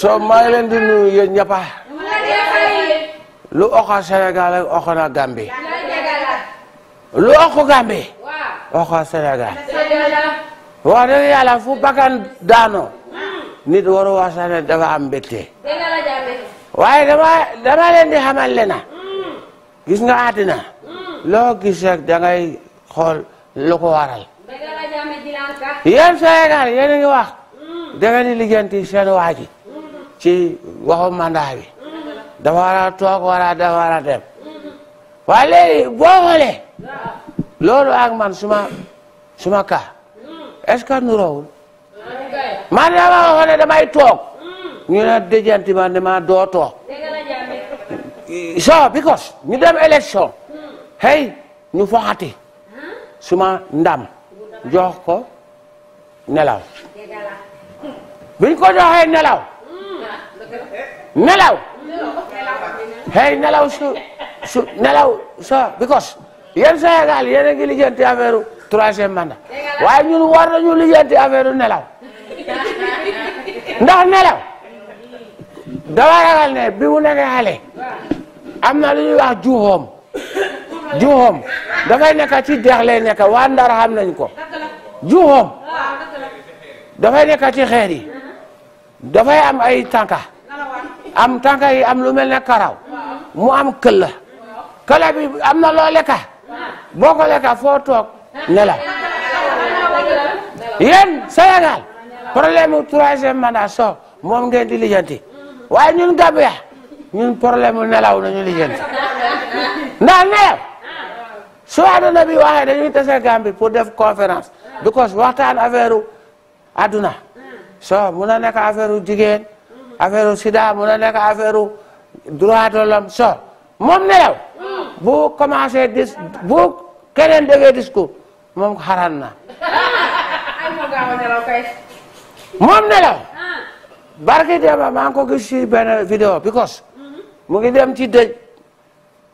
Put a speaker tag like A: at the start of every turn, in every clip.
A: so maa ngi leen di nuyu yéen ñëpp lu oxa Sénégal ak oxa na Gambie lu oxu Gambie oxa Sénégal wax dëgg yàlla fu bakkan daano nit waru wax dafa am waaye dama dama leen di xamal le gis nga àddina loo gis rek da xool lu ko waral yéen Sénégal yéen ngi wax da di lijjanti seen waaji ci waxu mandat bi dafa war a toog wala dafa war a dem waaye léegi boo xoolee loolu ak man suma suma ka est-ce que nu rawul man dama waxoon ne damay toog ñu ne déjanti ma ne doo toog so because ñu dem élection hey ñu foxati suma ndam jox ko nelaw biñ ko joxee nelaw nelaw hey nelaw su nelaw sa because yéen Sénégal yéen a ngi lijjanti affaire troisième mandat waaye ñun war nañu lijjanti affaire nelaw ndax nelaw dama ragal ne bi mu nekkee am na lu ñuy wax juuxoom juuxoom dafay nekk ci dex lay nekk waa Ndar xam nañ ko juuxoom dafay nekk ci xeer yi dafay am ay tànka am tànka yi am lu mel ne karaw mu am këlla këla bi am na loo lekka boo ko lekka foo toog nelaw yéen Sénégal problème mu troisième so moom ngeen di lijjanti waaye ñun Gambia ñun problème mu nelaw nañu lijjanti ndax nelaw su àdduna bi waxee dañuy tase Gambie pour def conférence because waxtaan affaire u àdduna so mun na nekk affaire u jigéen affaire sida mun na nekk affaire droit de so moom ne yow bu commencé dis bu keneen déggee discours moom xaran na moom ne yow ah. barki démba maa ngi ko gis ci benn because mu ngi dem ci dëj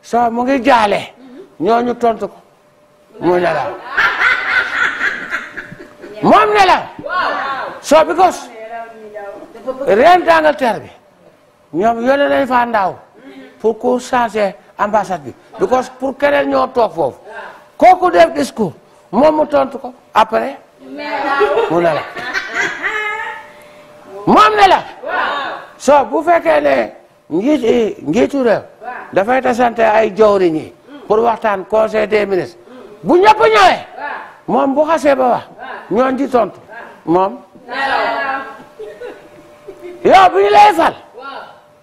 A: so mu ngi jaale ñooñu tontu ko mu nelaw moom nelaw so because ren d' Angleterre bi ñoom yónnee nañ faa ndaaw pour ku changer ambassade bi because pour keneen ñoo toog foofu kooku def discours moom mu tontu ko après mu ne la moom ne la so bu fekkee ne njiit njiitu réew dafay tasante ay jawriñ yi waxtaan conseil des ministres bu ñëpp ñëwee moom bu xasee ba wax ñoon di tontu moom yow bu ñu lay fal.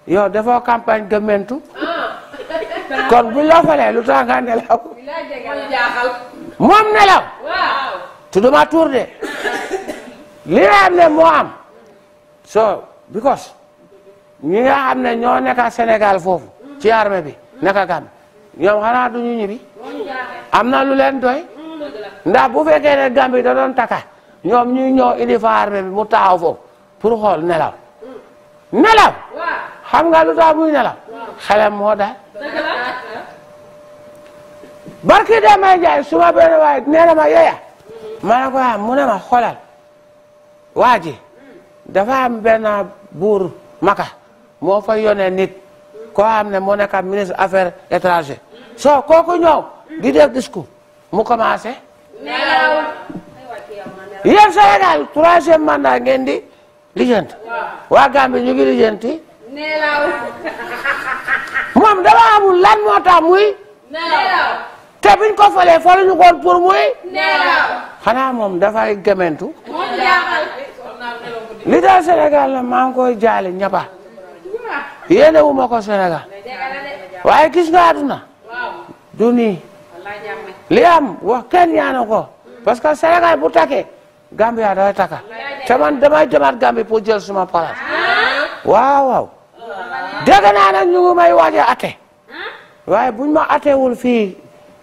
A: yow dafoo campagne gëmmentu ah. kon bu ñu lu tax nga nelaw. moom nelaw. tudduma tuur de. li nga xam ne moo am. so because ñi nga xam ne ñoo nekk Sénégal foofu. ci armée bi naka ñoom xanaa du ñu ñibbi. am na lu leen doy. ndax bu fekkee ne Gambie da doon takka ñoom ñuy ñëw indi fa armée bi mu taxaw foofu pour xool nelaw. nelaw xam nga lu tax muy nelaw xelam moo daal barki damay jaay suma benn waaye nee ma yeya mm-hmm. ma ne ko ah mu ne ma xoolal waa dafa am benn buur maka moo fa yónnee nit koo xam ne moo nekk ministre affaires étrangères mm-hmm. soo kooku ñëw di def discours mu commencé nelaw yéen Sénégal troisième mandat ngeen waa Gambie ñu ngi lijjanti. neelaw. moom dama amul lan moo tax muy. neelaw. te biñ ko falee koon pour muy. neelaw. moom dafay gëmëntu.
B: li daal Sénégal
A: la maa ngi koy jaale ñaba. yéene wu ko Sénégal. waaye gis nga àdduna. du nii. am wax ñaanu ko. parce que Sénégal bu takkee Gambia dafay takka. te man damay demaat Gambie pour jël suma place waaw waaw dégg ñu may waaj a waaye buñ ma attewul fii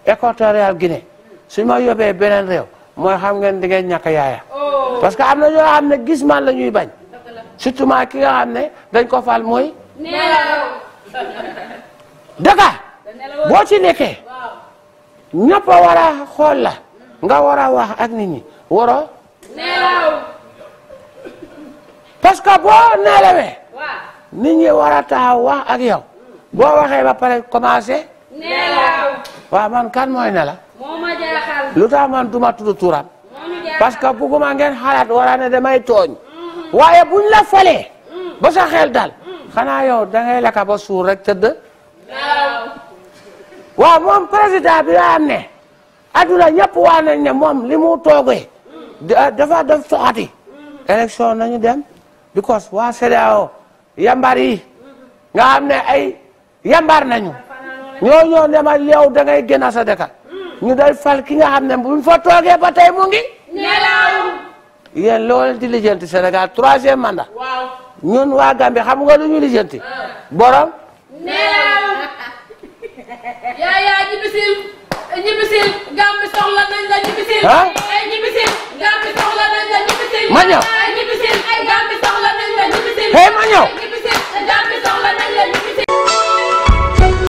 A: équatorial gine suñ ma yóbbee beneen réew mooy xam ngeen di ngeen yaaya oh. parce que am na ñoo xam ne gis man la ñuy bañ surtout ma ki nga ne dañ ko fal mooy dëkka boo ci nekkee ñëpp a war xool la nga war a ak nit ñi parce que boo nelawee. nit ñi war wax ak yow. boo waxee ba pare commencé. nelaw. man kan mooy nela. lu tax man duma tudd turam. parce que bugguma ngeen xalaat wara ne damay tooñ. Mm-hmm. waaye buñ la falee. Mm-hmm. ba xel dal. Mm-hmm. xanaa yow da ngay lakk ba suur rek tëdd. waaw moom président bi nga am ne. adduna ñëpp waa nañ ne moom li toogee. dafa def soxati. élection nañu dem. because waa CEDEAO yambar yi nga xam ne ay yambar nañu ñoo ñoo ne ma yow da ngay génn sa ñu day fal ki nga xam ne buñ fa toogee ba tey mu ngi. nelaw yéen loolu di lijjanti Sénégal troisième mandat. waaw ñun waa Gambie xam nga lu ñu lijjanti. Ah. borom.
B: nelaw
A: yaa yaa ñibisil ñibisil Gambie la ñibisil. ah ma ñëw.